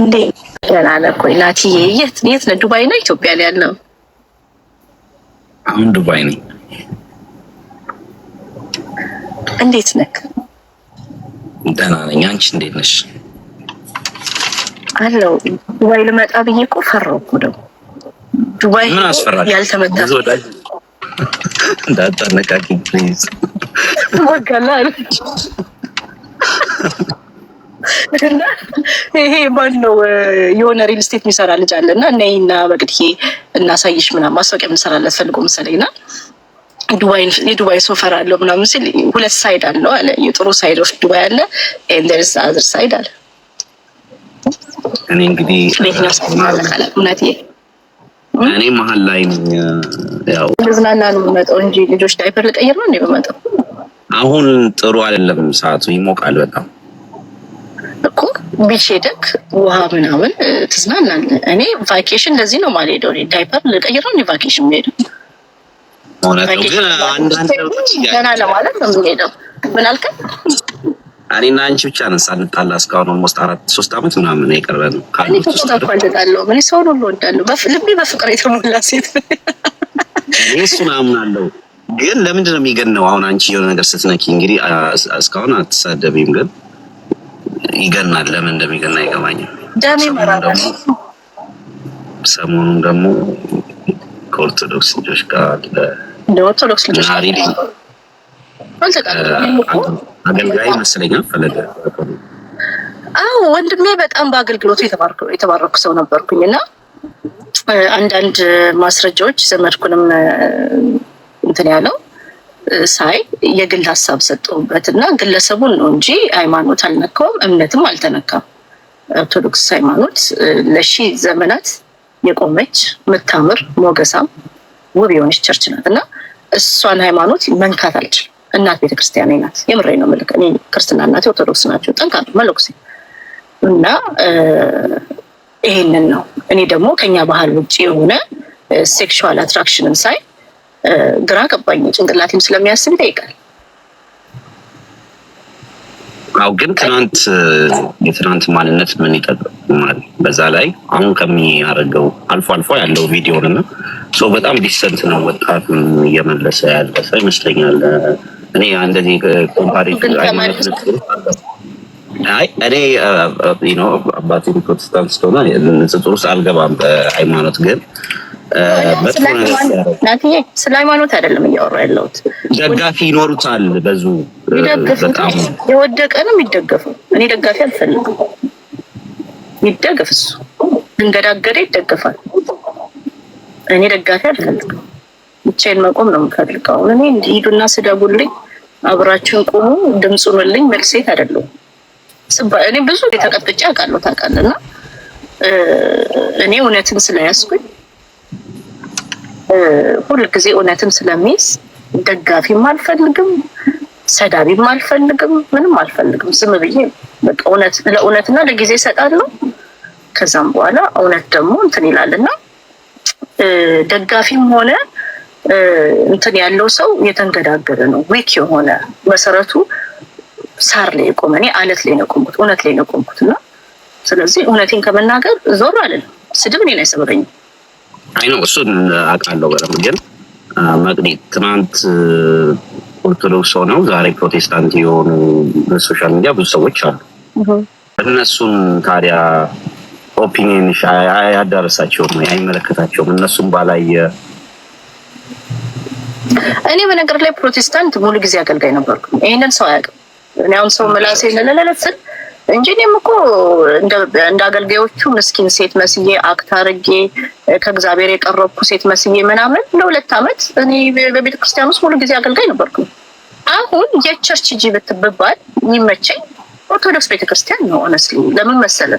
እንዴ ገና ነህ ቆይ ናቲዬ የት የት ነህ ዱባይ ነው ኢትዮጵያ ነው ያለው አሁን ዱባይ ነኝ እንዴት ነህ ደህና ነኝ አንቺ እንዴት ነሽ አለው ዱባይ ልመጣ ብዬ እኮ ፈራሁ እኮ ደግሞ ዱባይ ምን አስፈራሽ ያልተመታ እንዳታነቃቂ ፕሊዝ ወጋላ አለች ይሄ ማን ነው? የሆነ ሪል ስቴት የሚሰራ ልጅ አለ እና ነይና በቅድሄ እናሳይሽ ምናምን ማስታወቂያ የምንሰራለት ፈልጎ መሰለኝ ና የዱባይ ሶፈር አለው ምናምን ሲል ሁለት ሳይድ አለው አለ። የጥሩ ሳይድ ኦፍ ዱባይ አለ ኤንደርስ አዝር ሳይድ አለ። እኔ እንግዲህ እኔ መሀል ላይ ያው ዝናና ነው የምመጣው እንጂ ልጆች ዳይፐር ልቀይር ነው የምመጣው። አሁን ጥሩ አይደለም ሰዓቱ፣ ይሞቃል በጣም እኮ ቢች ሄደክ ውሃ ምናምን ትዝናናለ። እኔ ቫኬሽን ለዚህ ነው ማልሄደው። ዳይፐር ልቀይረው እኔ ቫኬሽን ሄደ ገና ለማለት ነው የምንሄደው። ምን አልከኝ? እኔና አንቺ ብቻ ነን ሳንጣላ እስካሁን ስ አራት ሶስት ዓመት ምናምን የቀረን። ካልጣለው እኔ ሰውን ሁሉ ወዳለሁ። ልቤ በፍቅር የተሞላ ሴት እሱን አምናለሁ። ግን ለምንድን ነው የሚገነው? አሁን አንቺ የሆነ ነገር ስትነኪ እንግዲህ እስካሁን አትሳደቢም ግን ይገናል። ለምን እንደሚገና አይገባኝም። ሰሞኑን ደግሞ ከኦርቶዶክስ ልጆች ጋር ለኦርቶዶክስ ልጆች ጋር አገልጋይ ይመስለኛል ፈለገ አዎ ወንድሜ በጣም በአገልግሎቱ የተባረኩ ሰው ነበርኩኝ እና አንዳንድ ማስረጃዎች ዘመድኩንም እንትን ያለው ሳይ የግል ሀሳብ ሰጠሁበት እና ግለሰቡን ነው እንጂ ሃይማኖት አልነካውም፣ እምነትም አልተነካም። ኦርቶዶክስ ሃይማኖት ለሺ ዘመናት የቆመች ምታምር ሞገሳም ውብ የሆነች ቸርች ናት እና እሷን ሃይማኖት መንካት አልችልም። እናት ቤተክርስቲያን ናት። የምሬ ነው ምልክ ክርስትና እናቴ ኦርቶዶክስ ናቸው። ጠንካራ መለኩሴ እና ይሄንን ነው እኔ ደግሞ ከኛ ባህል ውጭ የሆነ ሴክሹዋል አትራክሽንን ሳይ ግራ ገባኝ። ጭንቅላቴም ስለሚያስብ ይጠይቃል። አው ግን ትናንት የትናንት ማንነት ምን ይጠቅማል? በዛ ላይ አሁን ከሚያደርገው አልፎ አልፎ ያለው ቪዲዮን እና ሰው በጣም ዲሰንት ነው ወጣት እየመለሰ ያለ ሰው ይመስለኛል። እኔ እንደዚህ ኮምፓሪ አይ እኔ አባቴ ፕሮቴስታንት ስለሆነ ንጽጽር ውስጥ አልገባም በሃይማኖት ግን ስለ ሃይማኖት አይደለም እያወራ ያለሁት። ደጋፊ ይኖሩታል፣ በዙ ይደግፉታል። የወደቀ ነው የሚደገፉ። እኔ ደጋፊ አልፈልግም። ይደገፍ እሱ እንገዳገደ ይደገፋል። እኔ ደጋፊ አልፈልግም። ብቻዬን መቆም ነው የምፈልገው። እኔ ሂዱና ስደቡልኝ፣ አብራችን ቁሙ፣ ድምፁንልኝ። መልሴት አይደለሁም። እኔ ብዙ ተቀጥቅጬ አውቃለሁ ታውቃለህ። እና እኔ እውነትን ስለያዝኩኝ ሁልጊዜ እውነትን ስለሚይዝ ደጋፊም አልፈልግም፣ ሰዳቢም አልፈልግም፣ ምንም አልፈልግም። ዝም ብዬ ለእውነትና ለጊዜ እሰጣለሁ። ከዛም በኋላ እውነት ደግሞ እንትን ይላል ደጋፊም ሆነ እንትን ያለው ሰው የተንገዳገደ ነው። ዊክ የሆነ መሰረቱ ሳር ላይ የቆመ እኔ አለት ላይ ነው የቆምኩት፣ እውነት ላይ ነው የቆምኩት እና ስለዚህ እውነቴን ከመናገር ዞር አልልም። ስድብ እኔን አይሰብረኝም። አይ ነው እሱን አውቃለሁ በደምብ ግን መቅዲ ትናንት ኦርቶዶክስ ሆነው ዛሬ ፕሮቴስታንት የሆኑ በሶሻል ሚዲያ ብዙ ሰዎች አሉ። እነሱን ታዲያ ኦፒኒየን አያዳረሳቸውም ወይ አይመለከታቸውም? እነሱን ባላየ እኔ በነገር ላይ ፕሮቴስታንት ሙሉ ጊዜ አገልጋይ ነበርኩ። ይህንን ሰው አያውቅም። እኔ አሁን ሰው ምላሴ ለለለለስል እንጂ እኔም እኮ እንደ አገልጋዮቹ ምስኪን ሴት መስዬ አክት አድርጌ ከእግዚአብሔር የቀረብኩ ሴት መስዬ ምናምን ለሁለት ዓመት እኔ በቤተ ክርስቲያን ውስጥ ሙሉ ጊዜ አገልጋይ ነበርኩ። አሁን የቸርች እጂ ብትብባል የሚመቸኝ ኦርቶዶክስ ቤተክርስቲያን ነው። ሆነስሊ ለምን መሰለ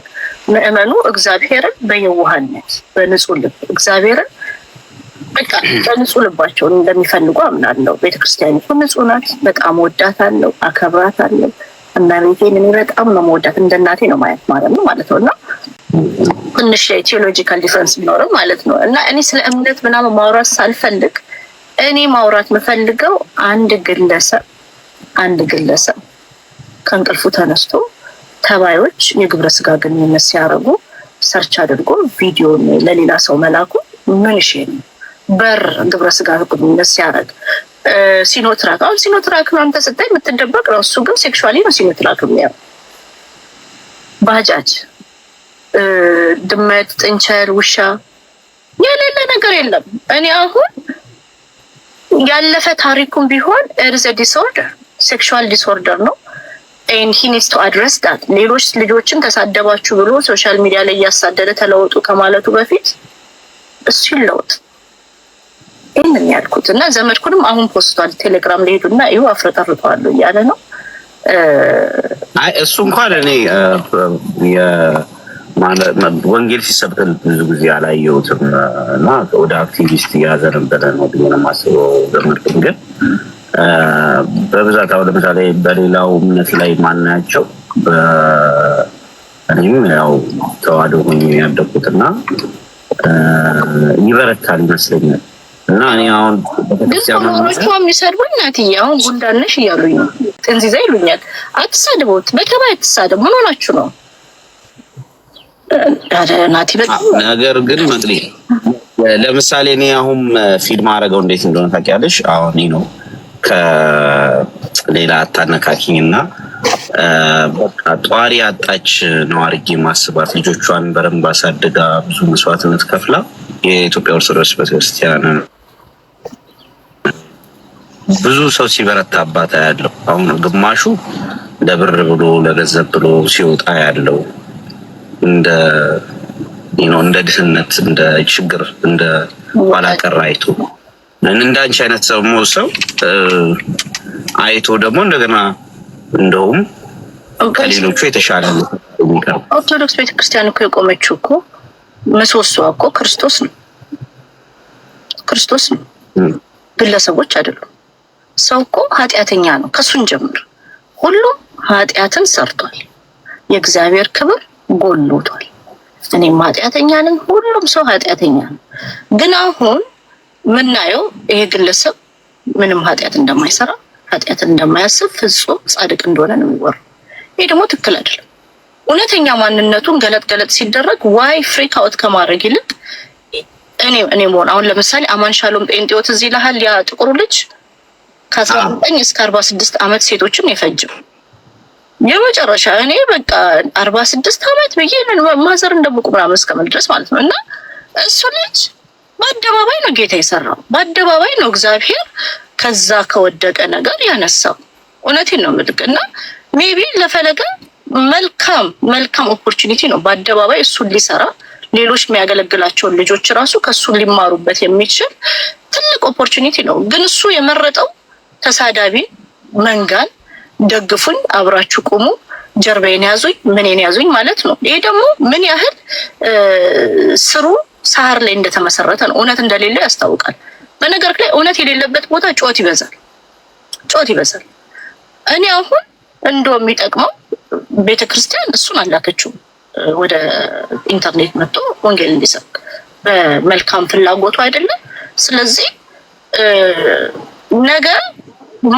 ምእመኑ እግዚአብሔርን በየዋህነት በንጹህ ልብ እግዚአብሔርን በቃ በንጹህ ልባቸውን እንደሚፈልጉ አምናለው። ቤተክርስቲያኒቱ ንጹህ ናት። በጣም ወዳታለሁ፣ አከብራታለሁ። እናቴን እኔ በጣም ነው መወዳት እንደ እናቴ ነው ማየት ማለት ነው ማለት ነው እና ትንሽ የቴዎሎጂካል ዲፈረንስ ቢኖርም ማለት ነው እና እኔ ስለ እምነት ምናምን ማውራት ሳልፈልግ እኔ ማውራት የምፈልገው አንድ ግለሰብ አንድ ግለሰብ ከእንቅልፉ ተነስቶ ተባዮች የግብረ ስጋ ግንኙነት ሲያደርጉ ሰርች አድርጎ ቪዲዮ ለሌላ ሰው መላኩ ምን ሼር ነው በር ግብረ ስጋ ግንኙነት ሲያደርግ ሲኖትራክ አሁን ሲኖትራክ አንተ ተሰጠኝ የምትደበቅ ነው። እሱ ግን ሴክሹዋሊ ነው ሲኖትራክ የሚያው ባጃጅ፣ ድመት፣ ጥንቸል፣ ውሻ የሌለ ነገር የለም። እኔ አሁን ያለፈ ታሪኩም ቢሆን እርዘ ዲስኦርደር ሴክሹዋል ዲስኦርደር ነው ኤን ሂ ኒድስ ቱ አድረስ ዳት። ሌሎች ልጆችን ተሳደባችሁ ብሎ ሶሻል ሚዲያ ላይ እያሳደደ ተለወጡ ከማለቱ በፊት እሱ ይህንን ያልኩት እና ዘመድኩንም አሁን ፖስቷል ቴሌግራም ላይ ሄዱና ይሁ አፍረጠርጠዋለሁ እያለ ነው። አይ እሱ እንኳን እኔ ወንጌል ሲሰብክ ብዙ ጊዜ አላየሁትም እና ወደ አክቲቪስት ያዘነበለ ነው ብዬ ነው የማስበው። ዘመድኩን ግን በብዛት አሁን ለምሳሌ በሌላው እምነት ላይ ማናያቸው እኔም ያው ተዋህዶ ሆኜ ያደኩትና ይበረታል ይመስለኛል። እና እኔ አሁን ግን የሚሰድቡኝ የሚሰድቡ እናትዬ አሁን ጉንዳነሽ እያሉኝ ነው። ጥንዚዛ ይሉኛል። አትሳድቦት፣ በከባ አትሳደቡ። ምን ሆናችሁ ነው? ነገር ግን መቅዲ ለምሳሌ እኔ አሁን ፊልም ማድረገው እንዴት እንደሆነ ታውቂያለሽ። አሁን ነው ከሌላ አታነካኪኝ እና ጧሪ አጣች ነው አድርጌ ማስባት ልጆቿን በረንብ አሳድጋ ብዙ መስዋዕትነት ከፍላ የኢትዮጵያ ኦርቶዶክስ ቤተክርስቲያን ነው ብዙ ሰው አባታ ያለው አሁን ግማሹ ለብር ብሎ ለገንዘብ ብሎ ሲወጣ ያለው እንደ እንደ ድህነት እንደ ችግር እንደ ቀር አይቶ እንዳንቺ አይነት ሰው ሰው አይቶ ደግሞ እንደገና እንደውም ከሌሎቹ የተሻለ ኦርቶዶክስ ቤተክርስቲያን እኮ የቆመችው እኮ ምሰሶ እኮ ክርስቶስ ነው፣ ክርስቶስ ነው፣ ግለሰቦች አይደሉም። ሰው እኮ ኃጢአተኛ ነው። ከሱን ጀምር ሁሉም ኃጢአትን ሰርቷል፣ የእግዚአብሔር ክብር ጎሎቷል። እኔም ኃጢአተኛ ነኝ፣ ሁሉም ሰው ኃጢአተኛ ነው። ግን አሁን ምናየው ይሄ ግለሰብ ምንም ኃጢአት እንደማይሰራ ኃጢአትን እንደማያስብ ፍጹም ጻድቅ እንደሆነ ነው የሚወራው። ይሄ ደግሞ ትክክል አይደለም። እውነተኛ ማንነቱን ገለጥ ገለጥ ሲደረግ ዋይ ፍሪክ አውት ከማድረግ ይልቅ እኔ እኔ መሆን አሁን ለምሳሌ አማን ሻሎም ጴንጤዎት እዚህ ላህል ያ ጥቁሩ ልጅ ከአስራ ዘጠኝ እስከ አርባ ስድስት አመት ሴቶችም የፈጅም የመጨረሻ እኔ በቃ አርባ ስድስት አመት ብዬ ማዘር እንደ ምናምን እስከምል ድረስ ማለት ነው። እና እሱ ልጅ በአደባባይ ነው ጌታ የሰራው፣ በአደባባይ ነው እግዚአብሔር ከዛ ከወደቀ ነገር ያነሳው። እውነቴን ነው ምልክ እና ሜቢ ለፈለገ መልካም መልካም ኦፖርቹኒቲ ነው በአደባባይ እሱን ሊሰራ ሌሎች የሚያገለግላቸውን ልጆች ራሱ ከሱ ሊማሩበት የሚችል ትልቅ ኦፖርቹኒቲ ነው። ግን እሱ የመረጠው ተሳዳቢ መንጋን ደግፉኝ፣ አብራችሁ ቁሙ፣ ጀርባዬን ያዙኝ፣ ምኔን ያዙኝ ማለት ነው። ይሄ ደግሞ ምን ያህል ስሩ ሳህር ላይ እንደተመሰረተ ነው። እውነት እንደሌለው ያስታውቃል። በነገር ላይ እውነት የሌለበት ቦታ ጩኸት ይበዛል፣ ጩኸት ይበዛል። እኔ አሁን እንደ የሚጠቅመው ቤተክርስቲያን እሱን አላከችውም ወደ ኢንተርኔት መጥቶ ወንጌል እንዲሰብክ በመልካም ፍላጎቱ አይደለም። ስለዚህ ነገር።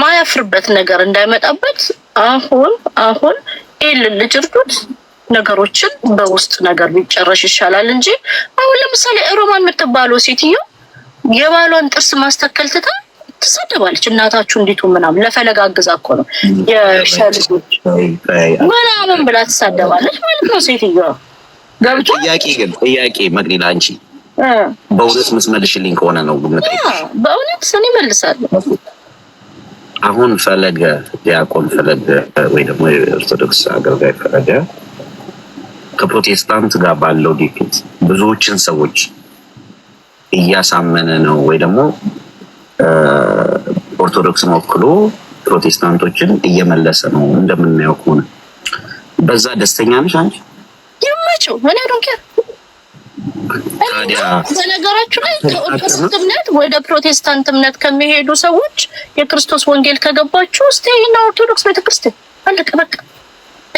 ማያፍርበት ነገር እንዳይመጣበት አሁን አሁን ይህንን ልጅ እርዱት። ነገሮችን በውስጥ ነገር ቢጨረሽ ይሻላል እንጂ አሁን ለምሳሌ ሮማን የምትባለው ሴትዮ የባሏን ጥርስ ማስተከል ትታ ትሰደባለች። እናታችሁ እንዲቱ ምናምን ለፈለጋ አግዛ እኮ ነው የሸልጆች ምናምን ብላ ትሳደባለች ማለት ነው ሴትዮ ገብቶ። ጥያቄ ግን ጥያቄ መቅዲላ አንቺ በእውነት ምስመልሽልኝ ከሆነ ነው በእውነት እኔ መልሳለሁ አሁን ፈለገ ዲያቆን ፈለገ ወይ ደግሞ የኦርቶዶክስ አገልጋይ ፈለገ ከፕሮቴስታንት ጋር ባለው ግፊት ብዙዎችን ሰዎች እያሳመነ ነው ወይ ደግሞ ኦርቶዶክስን ወክሎ ፕሮቴስታንቶችን እየመለሰ ነው እንደምናየው ከሆነ በዛ ደስተኛ ነሽ አንቺ? ይመቸው ምን በነገራችሁ ላይ ከኦርቶዶክስ እምነት ወደ ፕሮቴስታንት እምነት ከሚሄዱ ሰዎች የክርስቶስ ወንጌል ከገባችሁ እስቲ እና ኦርቶዶክስ ቤተክርስቲያን አለቀ በቃ።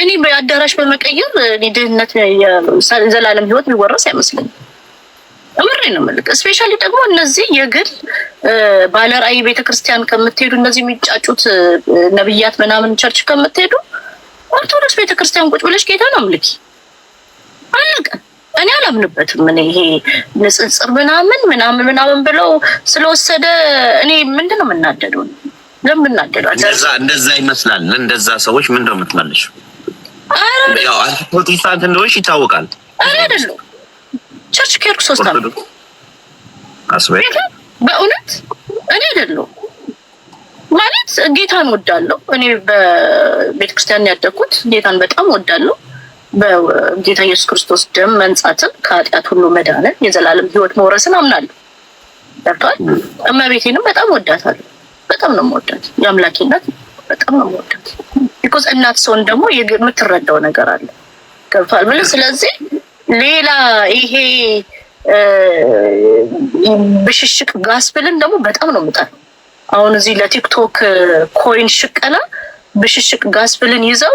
እኔ በአዳራሽ በመቀየር ድህነት ዘላለም ህይወት የሚወረስ አይመስለኝም። እምሬ ነው መልክ እስፔሻሊ ደግሞ እነዚህ የግል ባለራእይ ቤተክርስቲያን ከምትሄዱ እነዚህ የሚጫጩት ነብያት ምናምን ቸርች ከምትሄዱ ኦርቶዶክስ ቤተክርስቲያን ቁጭ ብለሽ ጌታ ነው ምልኪ አለቀ። እኔ አላምንበትም። እኔ ይሄ ንጽጽር ምናምን ምናምን ምናምን ብለው ስለወሰደ እኔ ምንድን ነው የምናደደው? ለምን ምናደደው? እንደዛ ይመስላል። እንደዛ ሰዎች ምንድን ነው የምትመልሽ? ፕሮቴስታንት እንደሆንሽ ይታወቃል። እኔ አይደለሁ ቸርች ኬርክ ሶስት አለ አስበይ። በእውነት እኔ አይደለሁ ማለት ጌታን ወዳለሁ። እኔ በቤተክርስቲያን ያደግኩት ጌታን በጣም ወዳለሁ። በጌታ ኢየሱስ ክርስቶስ ደም መንጻትን ከኃጢአት ሁሉ መዳንን የዘላለም ህይወት መውረስን አምናለሁ። ገብቷል። እመቤቴንም በጣም ወዳታለሁ። በጣም ነው የምወዳት። የአምላኬ እናት በጣም ነው የምወዳት። ቢኮዝ እናት ሰውን ደግሞ የምትረዳው ነገር አለ። ገብቷል ብለን ስለዚህ ሌላ ይሄ ብሽሽቅ ጋስፕልን ደግሞ በጣም ነው ምጣል። አሁን እዚህ ለቲክቶክ ኮይን ሽቀላ ብሽሽቅ ጋስፕልን ይዘው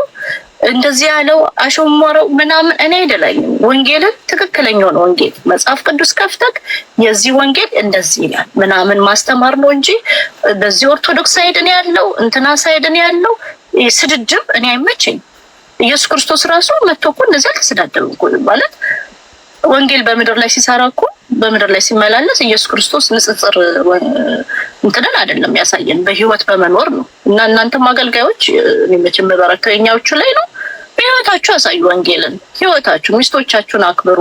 እንደዚህ ያለው አሸማረው ምናምን እኔ አይደለኝም። ወንጌልን ትክክለኛውን ወንጌል መጽሐፍ ቅዱስ ከፍተክ የዚህ ወንጌል እንደዚህ ይላል ምናምን ማስተማር ነው እንጂ በዚህ ኦርቶዶክስ ሳይድን ያለው እንትና ሳይድን ያለው ስድድብ እኔ አይመችኝ። ኢየሱስ ክርስቶስ ራሱ መጥቶ እኮ እነዚህ አልተሰዳደብም ማለት ወንጌል በምድር ላይ ሲሰራ እኮ በምድር ላይ ሲመላለስ ኢየሱስ ክርስቶስ ንጽጽር እንትንን አይደለም ያሳየን፣ በህይወት በመኖር ነው። እና እናንተም አገልጋዮች መቼ የምበረከው የኛዎቹ ላይ ነው። በህይወታችሁ አሳዩ ወንጌልን። ህይወታችሁ ሚስቶቻችሁን አክብሩ፣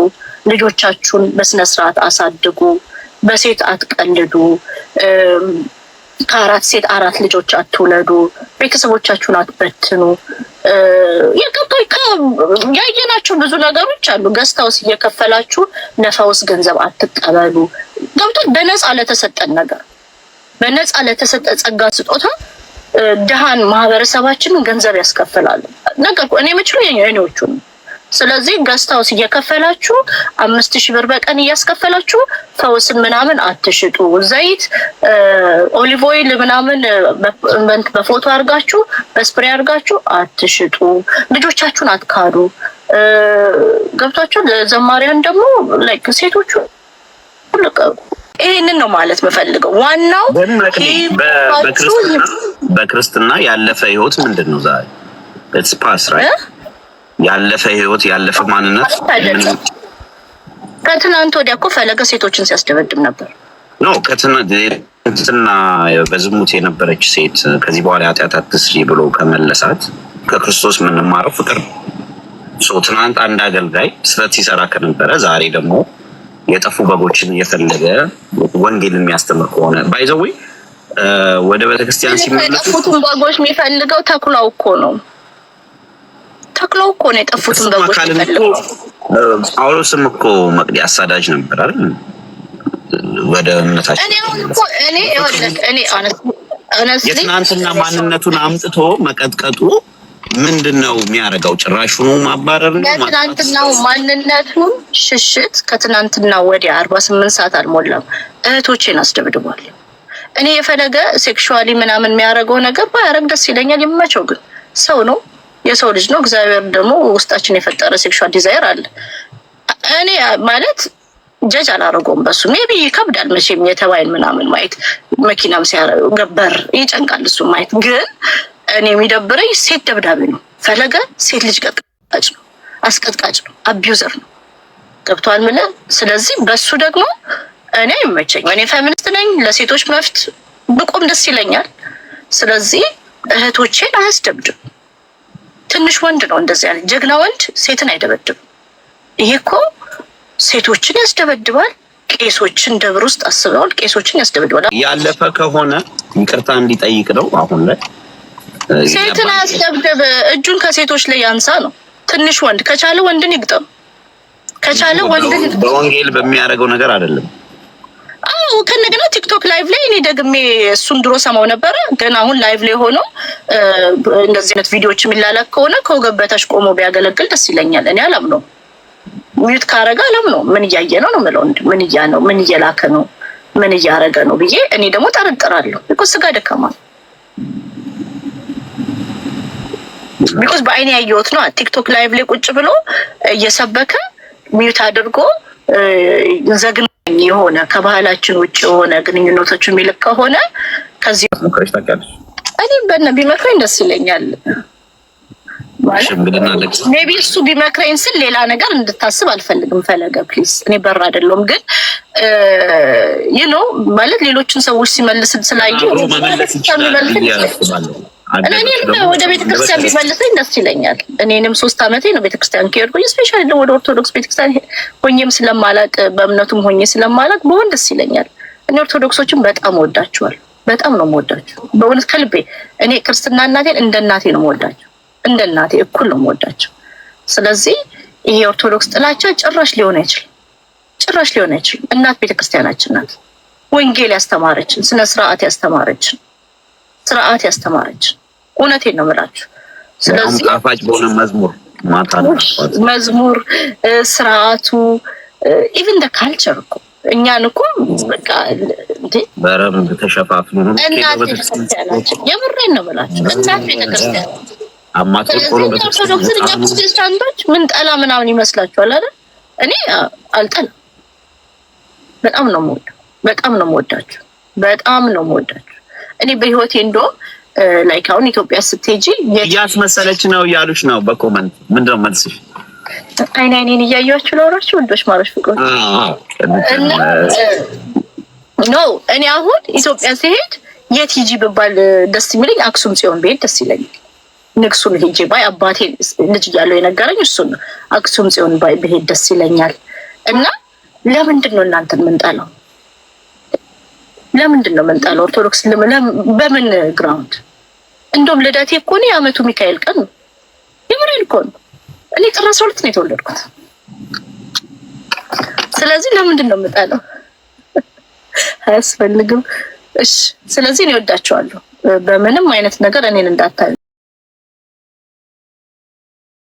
ልጆቻችሁን በስነስርዓት አሳድጉ፣ በሴት አትቀልዱ፣ ከአራት ሴት አራት ልጆች አትውለዱ፣ ቤተሰቦቻችሁን አትበትኑ። ያየናቸው ብዙ ነገሮች አሉ። ገዝታውስ እየከፈላችሁ ነፋውስ ገንዘብ አትቀበሉ። ገብቶ በነፃ ለተሰጠን ነገር በነፃ ለተሰጠ ጸጋ ስጦታ ድሃን ማህበረሰባችንን ገንዘብ ያስከፍላሉ። ነገር እኔ የምችሉ የኔዎቹ ነው ስለዚህ ገስታውስ እየከፈላችሁ አምስት ሺህ ብር በቀን እያስከፈላችሁ ፈውስን ምናምን አትሽጡ። ዘይት ኦሊቭ ኦይል ምናምን በፎቶ አድርጋችሁ በስፕሬ አርጋችሁ አትሽጡ። ልጆቻችሁን አትካዱ። ገብቷቸው ዘማሪያን ደግሞ ላይክ ሴቶቹ ይህንን ነው ማለት የምፈልገው። ዋናው በክርስትና ያለፈ ህይወት ምንድን ነው ዛሬ ያለፈ ህይወት ያለፈ ማንነት ከትናንት ወዲያ እኮ ፈለገ ሴቶችን ሲያስደበድብ ነበር። ኖ ከትናንትና በዝሙት የነበረች ሴት ከዚህ በኋላ ኃጢአት አትስሪ ብሎ ከመለሳት ከክርስቶስ የምንማረው ፍቅር ነው። ትናንት አንድ አገልጋይ ስህተት ሲሰራ ከነበረ ዛሬ ደግሞ የጠፉ በጎችን እየፈለገ ወንጌል የሚያስተምር ከሆነ ባይዘዌ ወደ ቤተክርስቲያን ሲመለሱ የጠፉትን በጎች የሚፈልገው ተኩላው እኮ ነው። ተሰቃቅለው እኮ ነው የጠፉትን በጎች ይፈልጉ። ጳውሎስም እኮ መቅዲ አሳዳጅ ነበር አይደል? ወደ እምነታችን እኔ እኔ የትናንትና ማንነቱን አምጥቶ መቀጥቀጡ ምንድን ነው የሚያደርገው? ጭራሹኑ ማባረር ነው። ከትናንትናው ማንነቱን ሽሽት ከትናንትና ወዲያ አርባ ስምንት ሰዓት አልሞላም እህቶቼን አስደብድቧል። እኔ የፈለገ ሴክሹዋሊ ምናምን የሚያደርገው ነገር ባያደርግ ደስ ይለኛል። የምመቸው ግን ሰው ነው። የሰው ልጅ ነው። እግዚአብሔር ደግሞ ውስጣችን የፈጠረ ሴክሹዋል ዲዛይር አለ። እኔ ማለት ጀጅ አላደረገውም። በሱ ሜቢ ይከብዳል መቼም የተባይን ምናምን ማየት መኪናም ሲያ ገበር ይጨንቃል እሱ ማየት። ግን እኔ የሚደብረኝ ሴት ደብዳቤ ነው ፈለገ። ሴት ልጅ ቀጥቃጭ ነው፣ አስቀጥቃጭ ነው፣ አቢዩዘር ነው። ገብቷል ምለ ስለዚህ በሱ ደግሞ እኔ አይመቸኝም። እኔ ፌሚኒስት ነኝ፣ ለሴቶች መፍት ብቆም ደስ ይለኛል። ስለዚህ እህቶቼን አያስደብድም። ትንሽ ወንድ ነው እንደዚህ ያለ ጀግና ወንድ ሴትን አይደበድብም። ይሄ እኮ ሴቶችን ያስደበድባል። ቄሶችን ደብር ውስጥ አስበዋል። ቄሶችን ያስደበድባል። ያለፈ ከሆነ ይቅርታ እንዲጠይቅ ነው። አሁን ላይ ሴትን አያስደብድብ፣ እጁን ከሴቶች ላይ ያንሳ ነው። ትንሽ ወንድ ከቻለ ወንድን ይግጠም፣ ከቻለ ወንድን በወንጌል በሚያደርገው ነገር አይደለም። አዎ ከነገ ቲክቶክ ላይቭ ላይ እኔ ደግሜ እሱን ድሮ ሰማው ነበረ፣ ግን አሁን ላይቭ ላይ ሆኖ እንደዚህ አይነት ቪዲዮዎች የሚላላክ ከሆነ ከወገብ በታች ቆሞ ቢያገለግል ደስ ይለኛል። እኔ ነው ሚዩት ካረገ ነው ምን እያየ ነው ነው የምለው ምን እያ ነው ምን እየላከ ነው ምን እያረገ ነው ብዬ እኔ ደግሞ ጠረጥራለሁ። ቢኮስ ስጋ ደከማል። ቢኮስ በአይኔ ያየሁት ነው። ቲክቶክ ላይቭ ላይ ቁጭ ብሎ እየሰበከ ሚዩት አድርጎ ዘግናኝ የሆነ ከባህላችን ውጭ የሆነ ግንኙነቶች የሚልቅ ከሆነ ከዚህ እኔም በነ ቢመክረኝ ደስ ይለኛል። ሜቢ እሱ ቢመክረኝ ስል ሌላ ነገር እንድታስብ አልፈልግም። ፈለገ ፕሊዝ፣ እኔ በር አይደለሁም ግን ይህ ነው ማለት ሌሎችን ሰዎች ሲመልስ ስላየ እኔም ወደ ቤተክርስቲያን ቢመልሰኝ ደስ ይለኛል። እኔንም ሶስት ዓመቴ ነው ቤተክርስቲያን ከሄድኩኝ ስፔሻሊ ደግሞ ወደ ኦርቶዶክስ ቤተክርስቲያን ሆኜም ስለማላቅ በእምነቱም ሆኜ ስለማላቅ በሆን ደስ ይለኛል። እኔ ኦርቶዶክሶችን በጣም ወዳቸዋል። በጣም ነው የምወዳቸው በእውነት ከልቤ። እኔ ክርስትና እናቴን እንደ እናቴ ነው የምወዳቸው፣ እንደ እናቴ እኩል ነው የምወዳቸው። ስለዚህ ይሄ ኦርቶዶክስ ጥላቻ ጭራሽ ሊሆን አይችልም፣ ጭራሽ ሊሆን አይችልም። እናት ቤተክርስቲያናችን ናት፣ ወንጌል ያስተማረችን፣ ስነ ስርዓት ያስተማረችን ስርዓት ያስተማረች። እውነቴን ነው የምላችሁ። ስለዚህ ጣፋጭ በሆነ መዝሙር ማታ መዝሙር ስርዓቱ ኢቭን ደ ካልቸር እኮ እኛን እኮ በቃ በረም ተሸፋፍኑ እናት የምሬን ነው የምላችሁ እናት ቤተክርስቲያን ኦርቶዶክስን እኛ ፕሮቴስታንቶች ምን ጠላ ምናምን ይመስላችኋል አይደል? እኔ አልጠላም። በጣም ነው የምወደው። በጣም ነው የምወዳችሁ። በጣም ነው የምወዳችሁ። እኔ በህይወቴ እንደውም ላይክ አሁን ኢትዮጵያ ስትሄጂ እያስመሰለች ነው እያሉች ነው በኮመንት ምንድነው ነው መልስሽ? አይን አይኔን እያያችሁ ላወራችሁ ወንዶች ማሮች ፍቅሮ ኖ እኔ አሁን ኢትዮጵያ ሲሄድ የት ሂጂ ብባል ደስ የሚለኝ አክሱም ጽዮን ብሄድ ደስ ይለኛል። ንግሱን ሂጂ ባይ አባቴ ልጅ እያለሁ የነገረኝ እሱን ነው። አክሱም ጽዮን ባይ ብሄድ ደስ ይለኛል። እና ለምንድን ነው እናንተን ምንጠላው? ለምንድን ነው የምንጣለው? ኦርቶዶክስ በምን ግራውንድ? እንደውም ልደቴ እኮ ነው የአመቱ ሚካኤል ቀን ነው። የምሬን እኮ ነው። እኔ ጥር አስራ ሁለት ነው የተወለድኩት። ስለዚህ ለምንድን ነው የምጣለው? አያስፈልግም። እሺ፣ ስለዚህ እኔ ወዳቸዋለሁ። በምንም አይነት ነገር እኔን እንዳታዩ።